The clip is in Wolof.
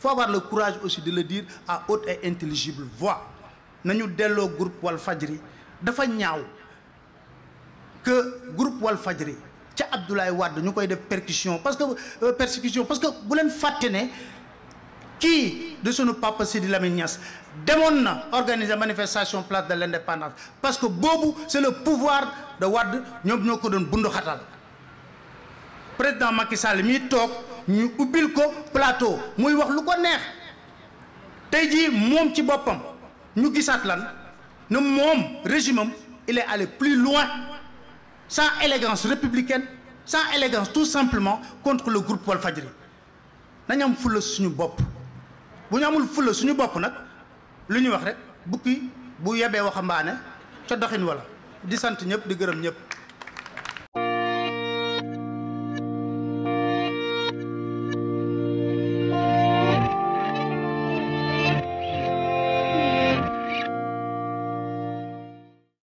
Il la avoir courage aussi de la dire à haute et intelligible voix nañu delloo groupe Walfadjri dafa ñaaw que groupe Walfadjri ca Abdoulaye Wade ñu koy def percussion parce que euh, parce que bu leen fàtte ne kii de sunu papa Sidi Lamine Niass demoon na organiser manifestation place de l'indépendance parce que boobu c'est le pouvoir de Wade ñoom ñoo ko doon bundu xatal président Macky Sall mi toog ñu ubbil ko plateau muy wax lu ko neex tey jii moom ci boppam ñu gisaat lan ne moom régime am il est allé plus loin sans élégance républicaine sans élégance tout simplement contre le groupe Walfadjri nañ am fulla suñu bopp bu ñu amul fulla suñu bopp nag lu ñuy wax rek bukki bu yebee waxambaane ca doxin wala di sant ñëpp di gërëm ñëpp